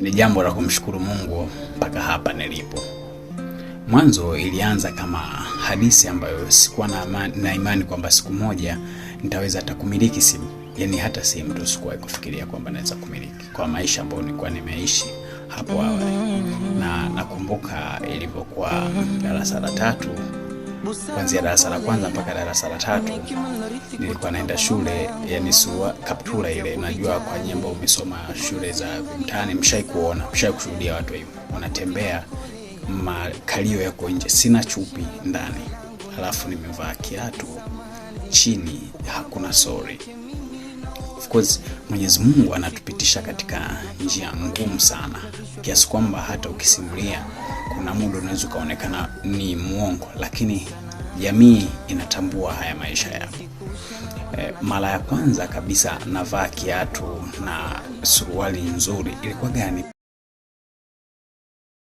ni jambo la kumshukuru Mungu mpaka hapa nilipo. Mwanzo ilianza kama hadithi ambayo sikuwa na, na imani kwamba siku moja nitaweza hata kumiliki simu, yani hata simu tu sikuwahi kufikiria kwamba naweza kumiliki kwa maisha ambayo nilikuwa nimeishi hapo awali, na nakumbuka ilivyokuwa darasa la tatu kuanzia darasa la kwanza mpaka darasa la tatu nilikuwa naenda shule, yani sua kaptura ile. Najua kwa nyimbo umesoma shule za mtaani, mshai kuona, mshai kushuhudia watu hivyo wanatembea makalio yako nje, sina chupi ndani, alafu nimevaa kiatu chini, hakuna sori. Of course Mwenyezi Mungu anatupitisha katika njia ngumu sana, kiasi kwamba hata ukisimulia, kuna muda unaweza ukaonekana ni mwongo, lakini jamii inatambua haya maisha yako. E, mara ya kwanza kabisa navaa kiatu na suruali nzuri ilikuwa gani?